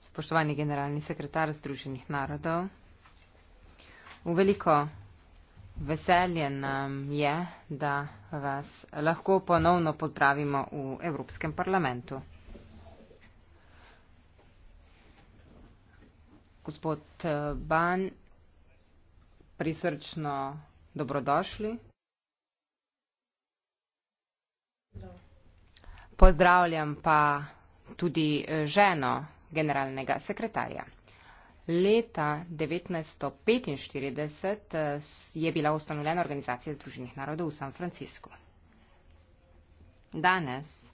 spoštovani generalni sekretar združenih narodov v veliko veselje nam je da vas lahko ponovno pozdravimo v evropskem parlamentu gospod eh, ban prisrčno dobrodošli pozdravljam pa tudi eh, ženo generalnega sekretarja. Leta 1945 eh, je bila ustanovljena organizacija Združenih narodov v San Francisku. Danes,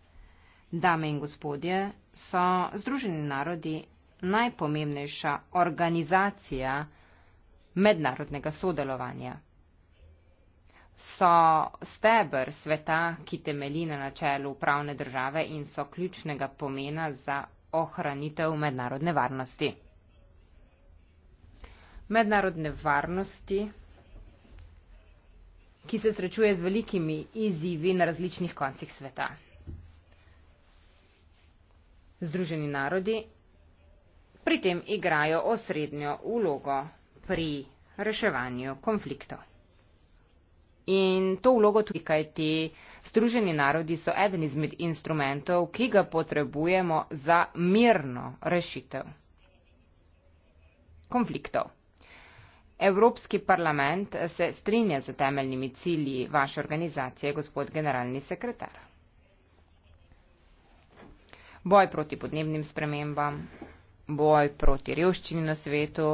dame in gospodje, so Združeni narodi najpomembnejša organizacija mednarodnega sodelovanja, so stebr sveta, ki temelji na načelu pravne države in so ključnega pomena za ohranitev mednarodne varnosti. Mednarodne varnosti, ki se srečuje z velikimi izzivi na različnih koncih sveta. Združeni narodi pri tem igrajo osrednjo ulogo pri reševanju konfliktov. In to vlogo tudi, kaj ti Združeni narodi so eden izmed instrumentov, ki ga potrebujemo za mirno rešitev konfliktov. Evropski parlament se strinja z temeljnimi cilji vaše organizacije, gospod generalni sekretar. Boj proti podnebnim spremembam, boj proti revščini na svetu,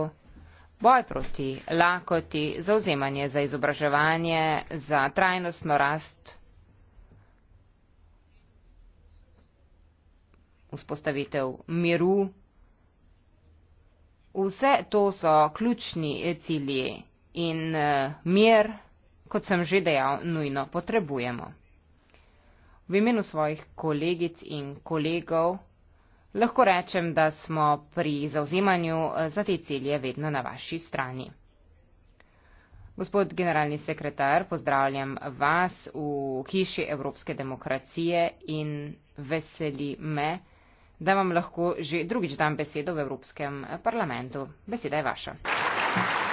boj proti lakoti, zauzemanje za izobraževanje, za trajnostno rast, vzpostavitev miru. Vse to so ključni cilji in eh, mir, kot sem že dejal, nujno potrebujemo. V imenu svojih kolegic in kolegov, Lahko rečem, da smo pri zauzemanju eh, za te cilje vedno na vaši strani. Gospod generalni sekretar, pozdravljam vas v hiši Evropske demokracije in veseli me, da vam lahko že drugič dam besedo v Evropskem eh, parlamentu. Beseda je vaša. Hvala.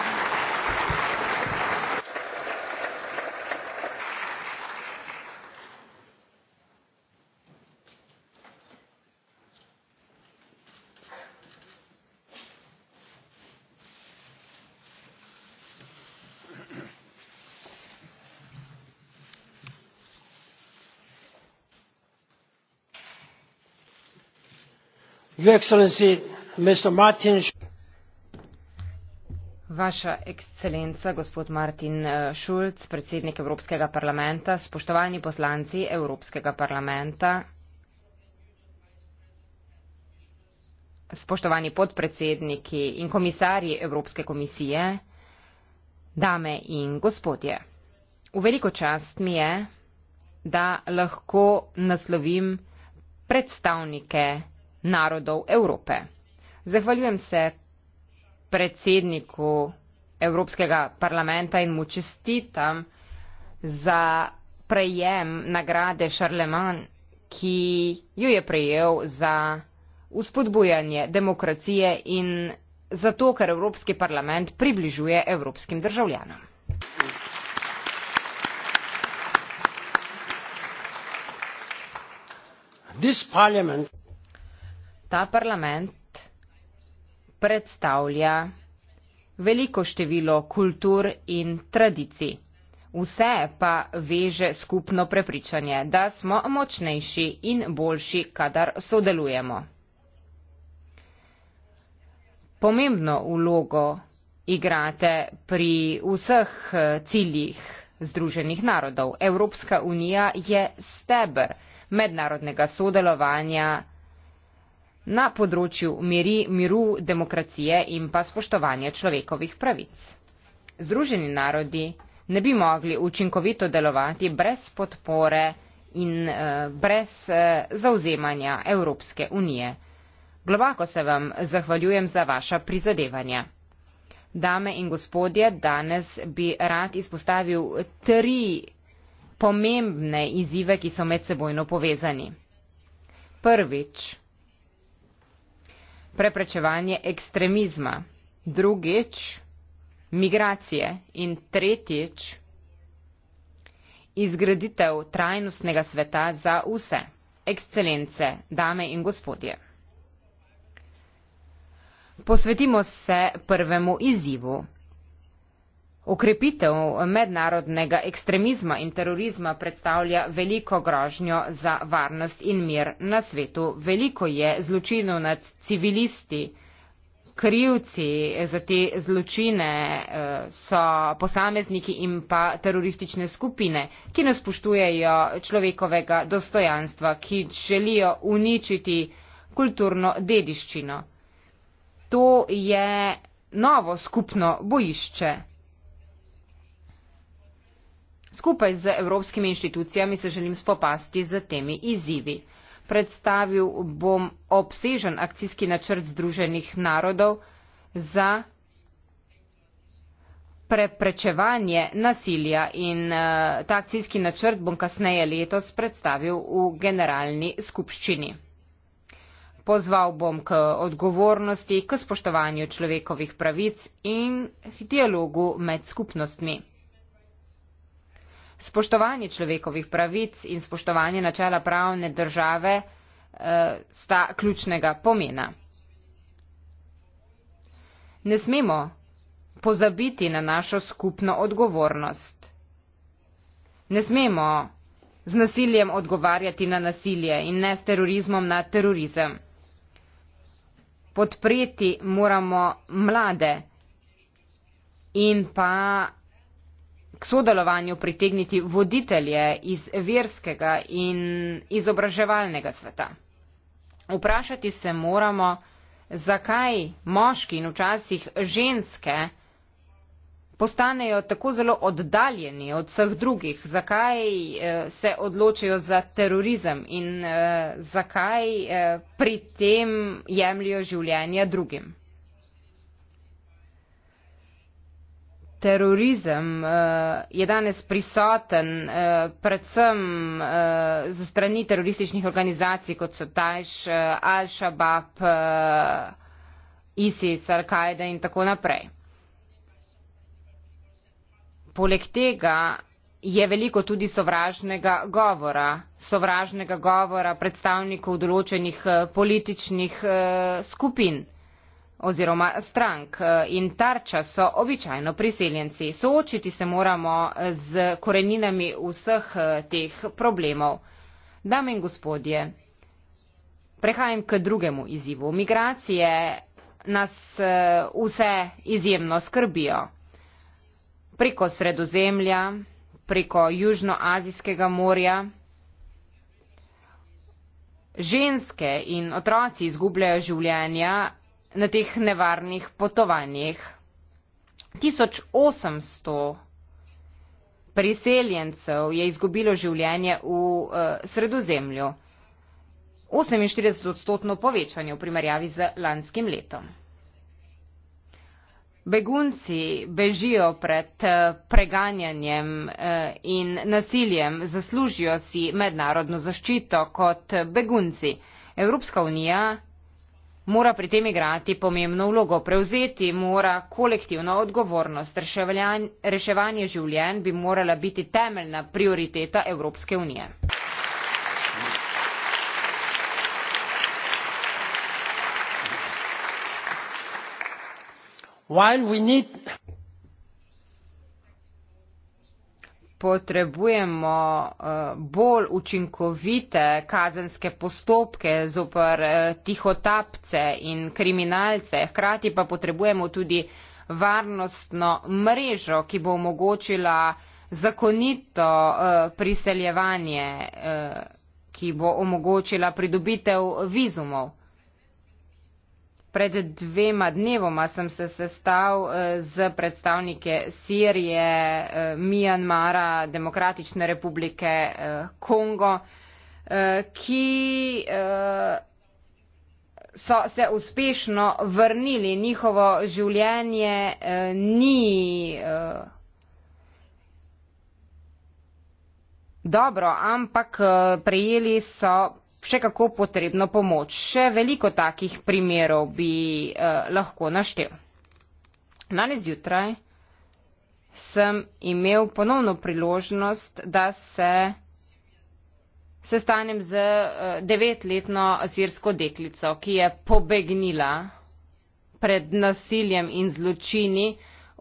Vaša ekscelenca, gospod Martin Šulc, eh, predsednik Evropskega parlamenta, spoštovani poslanci Evropskega parlamenta, spoštovani podpredsedniki in komisarji Evropske komisije, dame in gospodje. V veliko čast mi je, da lahko naslovim predstavnike narodov Evrope. Zahvaljujem se predsedniku Evropskega parlamenta in mu čestitam za prejem nagrade Šarleman, ki jo je prejel za uspodbujanje demokracije in zato, ker Evropski parlament približuje evropskim državljanom. This parliament ta parlament predstavlja veliko število kultur in tradicij. Vse pa veže skupno prepričanje, da smo močnejši in boljši, kadar sodelujemo. Pomembno vlogo igrate pri vseh eh, ciljih Združenih narodov. Evropska unija je stebr mednarodnega sodelovanja na področju miri, miru, demokracije in pa spoštovanja človekovih pravic. Združeni narodi ne bi mogli učinkovito delovati brez podpore in eh, brez eh, zauzemanja Evropske unije. Globoko se vam zahvaljujem za vaša prizadevanja. Dame in gospodje, danes bi rad izpostavil tri pomembne izzive, ki so medsebojno povezani. Prvič, preprečevanje ekstremizma, drugič migracije in tretjič izgraditev trajnostnega sveta za vse, ekscelence, dame in gospodje. Posvetimo se prvemu izzivu. Ukrepitev mednarodnega ekstremizma in terorizma predstavlja veliko grožnjo za varnost in mir na svetu. Veliko je zločinov nad civilisti. Krivci za te zločine eh, so posamezniki in pa teroristične skupine, ki ne spoštujejo človekovega dostojanstva, ki želijo uničiti kulturno dediščino. To je novo skupno bojišče. Skupaj z evropskimi inštitucijami se želim spopasti z temi izzivi. Predstavil bom obsežen akcijski načrt Združenih narodov za preprečevanje nasilja in eh, ta akcijski načrt bom kasneje letos predstavil v generalni skupščini. Pozval bom k odgovornosti, k spoštovanju človekovih pravic in k dialogu med skupnostmi spoštovanje človekovih pravic in spoštovanje načela pravne države eh, sta ključnega pomena. Ne smemo pozabiti na našo skupno odgovornost. Ne smemo z nasiljem odgovarjati na nasilje in ne s terorizmom na terorizem. Podpreti moramo mlade in pa k sodelovanju pritegniti voditelje iz verskega in izobraževalnega sveta. Vprašati se moramo, zakaj moški in včasih ženske postanejo tako zelo oddaljeni od vseh drugih, zakaj eh, se odločijo za terorizem in eh, zakaj eh, pri tem jemljajo življenja drugim. terorizem eh, je danes prisoten eh, predvsem eh, z strani terorističnih organizacij, kot so Tajš, Al-Shabaab, ISIS, Al-Kaida in tako naprej. Poleg tega je veliko tudi sovražnega govora, sovražnega govora predstavnikov določenih političnih skupin oziroma strank in tarča so običajno priseljenci. Soočiti se moramo z koreninami vseh eh, teh problemov. Dame in gospodje, prehajam k drugemu izzivu. Migracije nas eh, vse izjemno skrbijo. Preko sredozemlja, preko Južnoazijskega morja. Ženske in otroci izgubljajo življenja na teh nevarnih potovanjih. 1800 priseljencev je izgubilo življenje v uh, sredozemlju. 48 odstotno povečanje v primerjavi z lanskim letom. Begunci bežijo pred eh, preganjanjem eh, in nasiljem, zaslužijo si mednarodno zaščito kot begunci. Evropska unija mora pri tem igrati pomembno vlogo, prevzeti mora kolektivno odgovornost. Reševanje življenj bi morala biti temeljna prioriteta Evropske unije. While we need... potrebujemo eh, bolj učinkovite kazenske postopke zopr eh, tihotapce in kriminalce. Hkrati pa potrebujemo tudi varnostno mrežo, ki bo omogočila zakonito eh, priseljevanje, ki bo omogočila pridobitev vizumov. Pred dvema dnevoma sem se sestal eh, z predstavnike Sirije, eh, Mijanmara, Demokratične republike eh, Kongo, ki so se uspešno vrnili. Njihovo življenje ni dobro, ampak prijeli so še kako potrebno pomoč. Še veliko takih primerov bi eh, lahko naštel. Danes zjutraj sem imel ponovno priložnost, da se sestanem z eh, devetletno azirsko deklico, ki je pobegnila pred nasiljem in zločini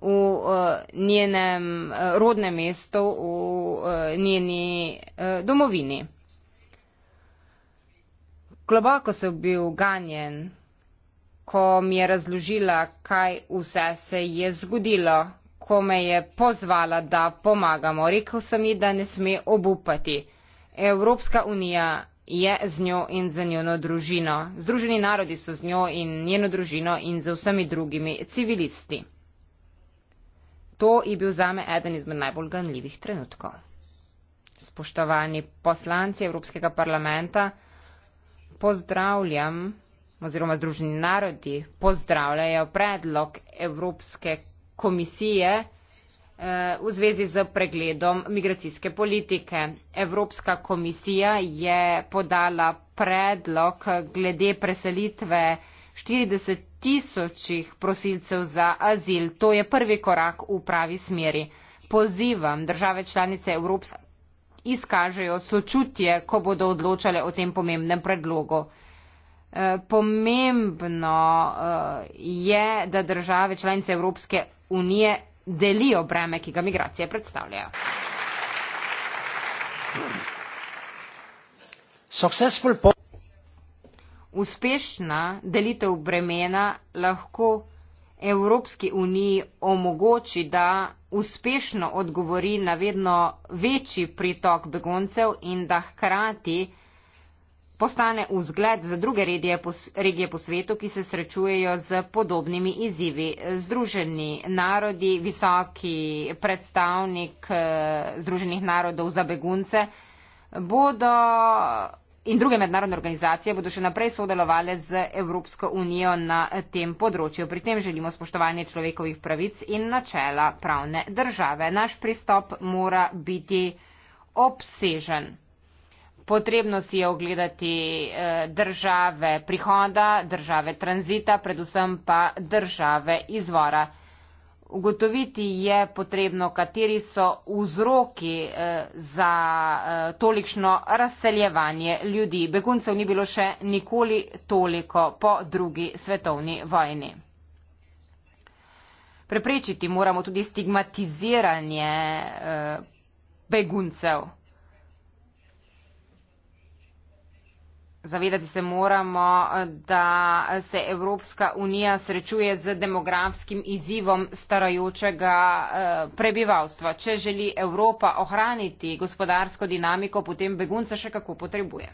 v eh, njenem eh, rodnem mestu, v njeni domovini globoko sem bil ganjen, ko mi je razložila, kaj vse se je zgodilo, ko me je pozvala, da pomagamo. Rekl sem ji, da ne sme obupati. Evropska unija je z njo in za njeno družino. Združeni narodi so z njo in njeno družino in za vsemi drugimi civilisti. To je bil zame eden izmed najbolj ganljivih trenutkov. Spoštovani poslanci Evropskega parlamenta, pozdravljam oziroma Združeni narodi pozdravljajo predlog Evropske komisije eh, v zvezi z pregledom migracijske politike. Evropska komisija je podala predlog glede preselitve 40 tisočih prosilcev za azil. To je prvi korak v pravi smeri. Pozivam države članice Evropske izkažejo sočutje, ko bodo odločale o tem pomembnem predlogu. Eh, pomembno eh, je, da države članice Evropske unije delijo breme, ki ga migracije predstavljajo. Uspešna delitev bremena lahko. Evropski uniji omogoči, da uspešno odgovori na vedno večji pritok begoncev in da hkrati postane vzgled za druge regije po svetu, ki se srečujejo z podobnimi izzivi. Združeni narodi, visoki predstavnik eh, Združenih narodov za begunce bodo in druge mednarodne organizacije bodo še naprej sodelovali z Evropsko unijo na tem področju. Pri tem želimo spoštovanje človekovih pravic in načela pravne države. Naš pristop mora biti obsežen. Potrebno si je ogledati eh, države prihoda, države tranzita, predvsem pa države izvora. Ugotoviti je potrebno, kateri so vzroki eh, za eh, tolikšno razseljevanje ljudi. Beguncev ni bilo še nikoli toliko po drugi svetovni vojni. Preprečiti moramo tudi stigmatiziranje eh, beguncev. Zavedati se moramo, da se Evropska unija srečuje z demografskim izzivom starajočega eh, prebivalstva. Če želi Evropa ohraniti gospodarsko dinamiko, potem begunca še kako potrebuje.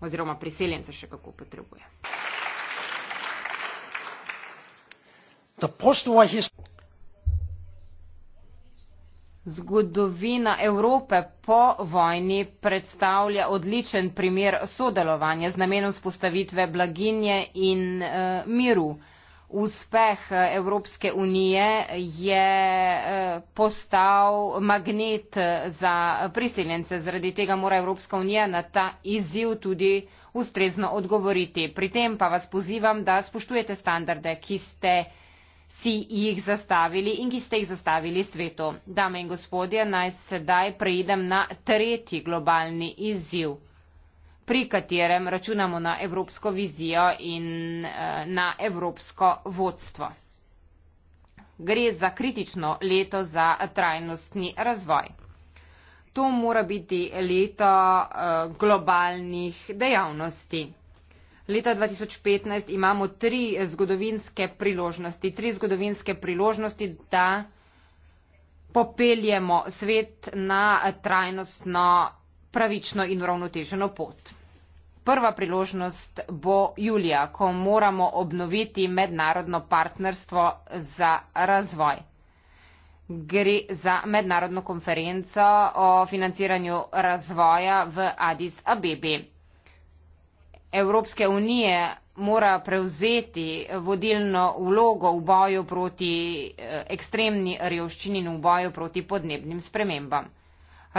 Oziroma priseljenca še kako potrebuje. Zgodovina Evrope po vojni predstavlja odličen primer sodelovanja z namenom spostavitve blaginje in e, miru. Uspeh eh, Evropske unije je eh, postal magnet za priseljence. Zaradi tega mora Evropska unija na ta izziv tudi ustrezno odgovoriti. Pri tem pa vas pozivam, da spoštujete standarde, ki ste si jih zastavili in ki ste jih zastavili svetu. Dame in gospodje, naj sedaj preidem na tretji globalni izziv, pri katerem računamo na evropsko vizijo in eh, na evropsko vodstvo. Gre za kritično leto za trajnostni razvoj. To mora biti leto eh, globalnih dejavnosti leta 2015 imamo tri zgodovinske priložnosti, tri zgodovinske priložnosti, da popeljemo svet na trajnostno, pravično in uravnoteženo pot. Prva priložnost bo julija, ko moramo obnoviti mednarodno partnerstvo za razvoj. Gre za mednarodno konferenco o financiranju razvoja v Addis Abebi. Evropske unije mora prevzeti vodilno vlogo v boju proti eh, ekstremni revščini in v boju proti podnebnim spremembam.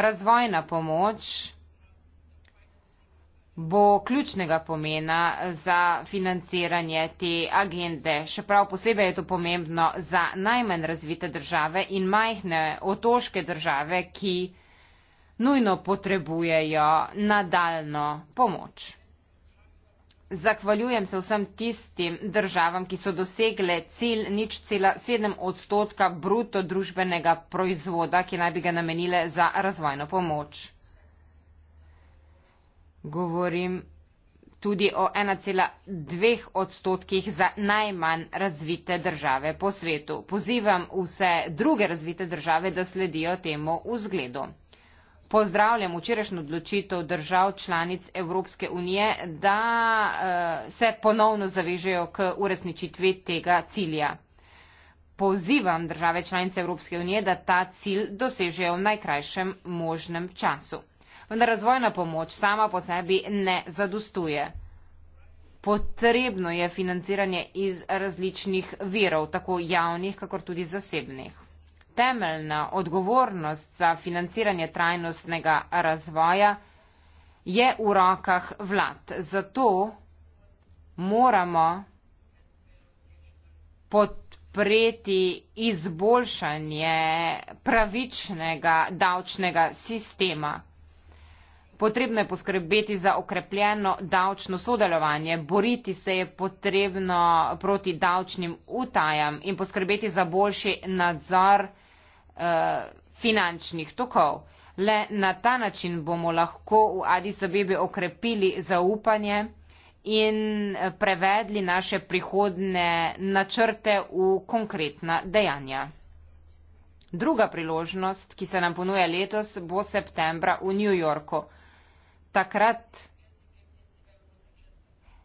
Razvojna pomoč bo ključnega pomena za financiranje te agende. Še prav posebej je to pomembno za najmanj razvite države in majhne otoške države, ki nujno potrebujejo nadaljno pomoč. Zahvaljujem se vsem tistim državam, ki so dosegle cilj nič cela sedem odstotka bruto družbenega proizvoda, ki naj bi ga namenile za razvojno pomoč. Govorim tudi o 1,2 odstotkih za najmanj razvite države po svetu. Pozivam vse druge razvite države, da sledijo temu vzgledu pozdravljam včerajšnjo odločitev držav članic Evropske unije, da eh, se ponovno zavežejo k uresničitvi tega cilja. Pozivam države članice Evropske unije, da ta cilj dosežejo v najkrajšem možnem času. Vendar razvojna pomoč sama po sebi ne zadostuje. Potrebno je financiranje iz različnih virov, tako javnih, kakor tudi zasebnih temeljna odgovornost za financiranje trajnostnega razvoja je v rokah vlad. Zato moramo podpreti izboljšanje pravičnega davčnega sistema. Potrebno je poskrbeti za okrepljeno davčno sodelovanje, boriti se je potrebno proti davčnim utajam in poskrbeti za boljši nadzor uh, finančnih tokov. Le na ta način bomo lahko v Addis Abebe okrepili zaupanje in eh, prevedli naše prihodne načrte v konkretna dejanja. Druga priložnost, ki se nam ponuja letos, bo septembra v New Yorku. Takrat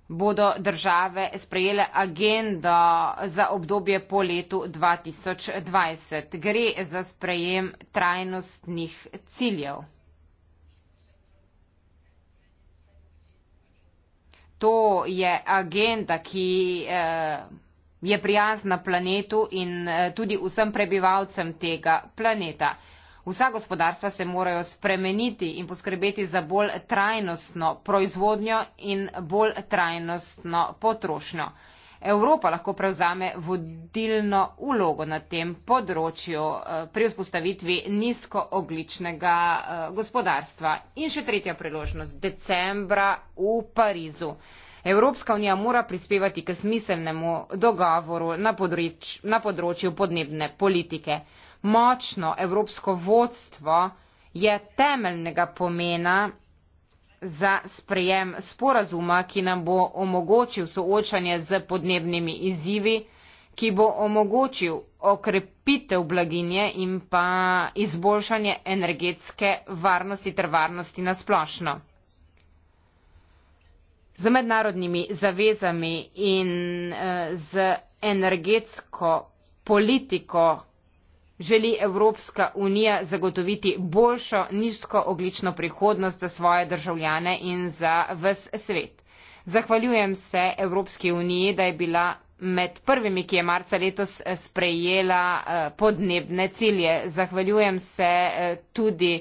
bodo države sprejele agendo za obdobje po letu 2020. Gre za sprejem trajnostnih ciljev. To je agenda, ki eh, je prijazna planetu in eh, tudi vsem prebivalcem tega planeta. Vsa gospodarstva se morajo spremeniti in poskrbeti za bolj trajnostno proizvodnjo in bolj trajnostno potrošnjo. Evropa lahko prevzame vodilno ulogo na tem področju eh, pri vzpostavitvi nizkoogličnega eh, gospodarstva. In še tretja priložnost, decembra v Parizu. Evropska unija mora prispevati k smiselnemu dogovoru na področju podnebne politike močno evropsko vodstvo je temeljnega pomena za sprejem sporazuma, ki nam bo omogočil soočanje z podnebnimi izzivi, ki bo omogočil okrepitev blaginje in pa izboljšanje energetske varnosti ter varnosti na splošno. Z mednarodnimi zavezami in eh, z energetsko politiko, želi Evropska unija zagotoviti boljšo nizkooglično prihodnost za svoje državljane in za ves svet. Zahvaljujem se Evropski uniji, da je bila med prvimi, ki je marca letos eh, sprejela eh, podnebne cilje. Zahvaljujem se eh, tudi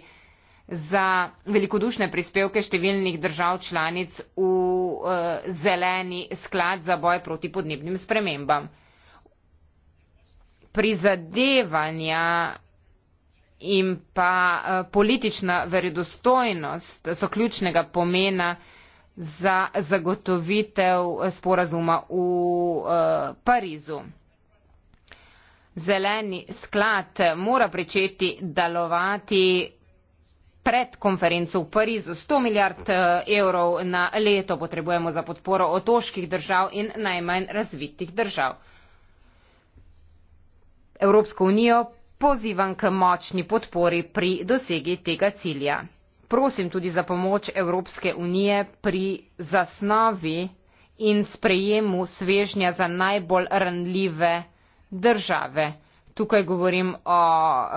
za velikodušne prispevke številnih držav članic v zeleni sklad za boj proti podnebnim spremembam prizadevanja in pa eh, politična verodostojnost so ključnega pomena za zagotovitev eh, sporazuma v eh, Parizu. Zeleni sklad mora pričeti delovati pred konferenco v Parizu. 100 milijard evrov na leto potrebujemo za podporo otoških držav in najmanj razvitih držav. Evropsko unijo pozivam k močni podpori pri dosegi tega cilja. Prosim tudi za pomoč Evropske unije pri zasnovi in sprejemu svežnja za najbolj ranljive države. Tukaj govorim o uh,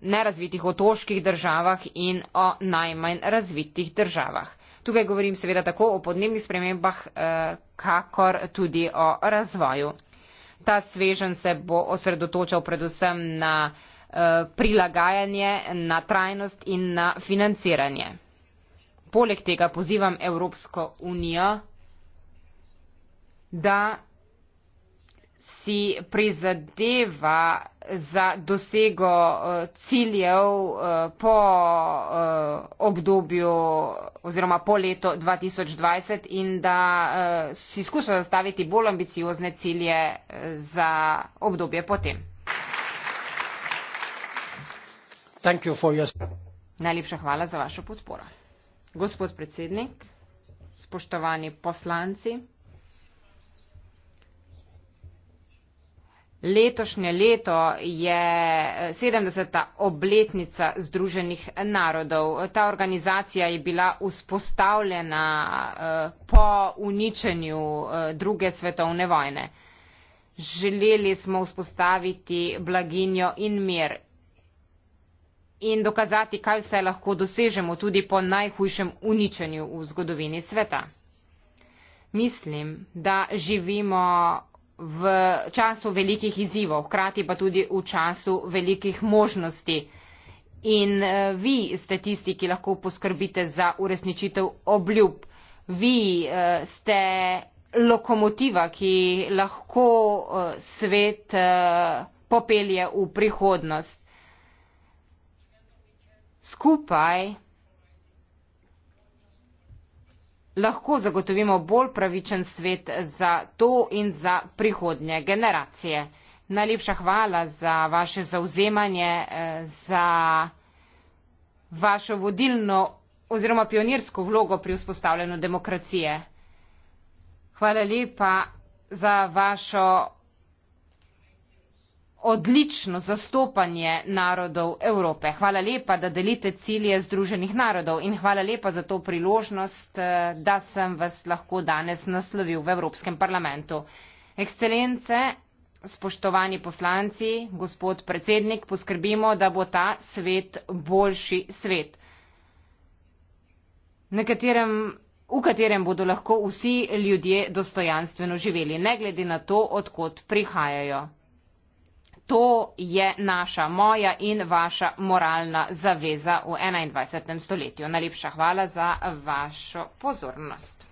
nerazvitih otoških državah in o najmanj razvitih državah. Tukaj govorim seveda tako o podnebnih spremembah, uh, kakor tudi o razvoju. Ta sveženj se bo osredotočal predvsem na eh, prilagajanje, na trajnost in na financiranje. Poleg tega pozivam Evropsko unijo, da si prizadeva za dosego eh, ciljev eh, po eh, obdobju oziroma po letu 2020 in da si skuša zastaviti bolj ambiciozne cilje za obdobje potem. Najlepša hvala za vašo podporo. Gospod predsednik, spoštovani poslanci. Letošnje leto je 70. Eh, obletnica Združenih narodov. Ta organizacija je bila vzpostavljena eh, po uničenju eh, druge svetovne vojne. Želeli smo vzpostaviti blaginjo in mir in dokazati, kaj vse lahko dosežemo tudi po najhujšem uničenju v zgodovini sveta. Mislim, da živimo v času velikih izzivov, hkrati pa tudi v času velikih možnosti. In eh, vi ste tisti, ki lahko poskrbite za uresničitev obljub. Vi eh, ste lokomotiva, ki lahko eh, svet popelje v prihodnost. Skupaj lahko zagotovimo bolj pravičen svet za to in za prihodnje generacije. Najlepša hvala za vaše zauzemanje, eh, za vašo vodilno oziroma pionirsko vlogo pri vzpostavljanju demokracije. Hvala lepa za vašo odlično zastopanje narodov Evrope. Hvala lepa, da delite cilje Združenih narodov in hvala lepa za to priložnost, eh, da sem vas lahko danes naslovil v Evropskem parlamentu. Ekscelence, spoštovani poslanci, gospod predsednik, poskrbimo, da bo ta svet boljši svet. Nekaterem v katerem bodo lahko vsi ljudje dostojanstveno živeli, ne glede na to, odkot prihajajo to je naša, moja in vaša moralna zaveza v 21. stoletju. Najlepša hvala za vašo pozornost.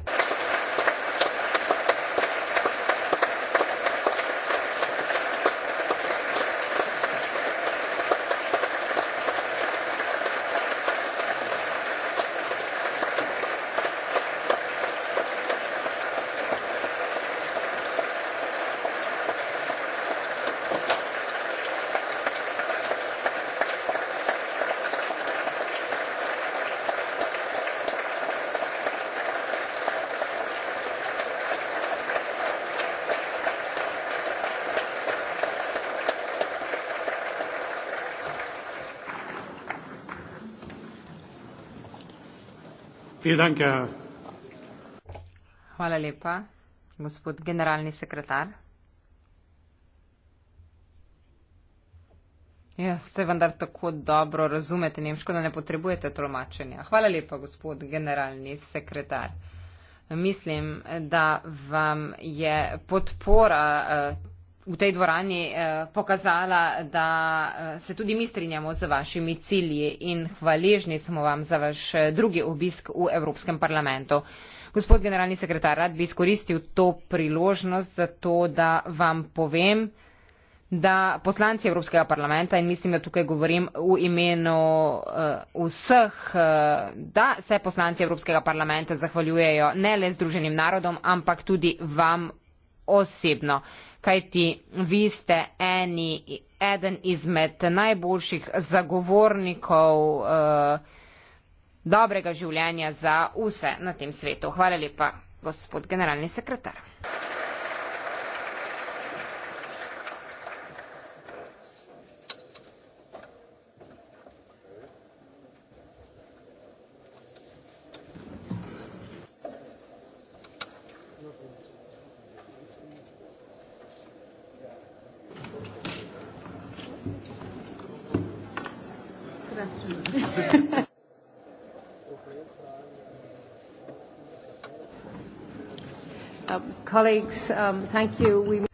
Hvala lepa, gospod generalni sekretar. Ja, se vendar tako dobro razumete nemško, da ne potrebujete tolmačenja. Hvala lepa, gospod generalni sekretar. Mislim, da vam je podpora. Uh, v tej dvorani eh, pokazala, da eh, se tudi mi strinjamo z vašimi cilji in hvaležni smo vam za vaš eh, drugi obisk v Evropskem parlamentu. Gospod generalni sekretar, rad bi izkoristil to priložnost za to, da vam povem, da poslanci Evropskega parlamenta in mislim, da tukaj govorim v imenu uh, vseh, uh, da se poslanci Evropskega parlamenta zahvaljujejo ne le Združenim narodom, ampak tudi vam osebno kajti vi ste eni, eden izmed najboljših zagovornikov eh, dobrega življenja za vse na tem svetu. Hvala lepa, gospod generalni sekretar. colleagues um, thank you.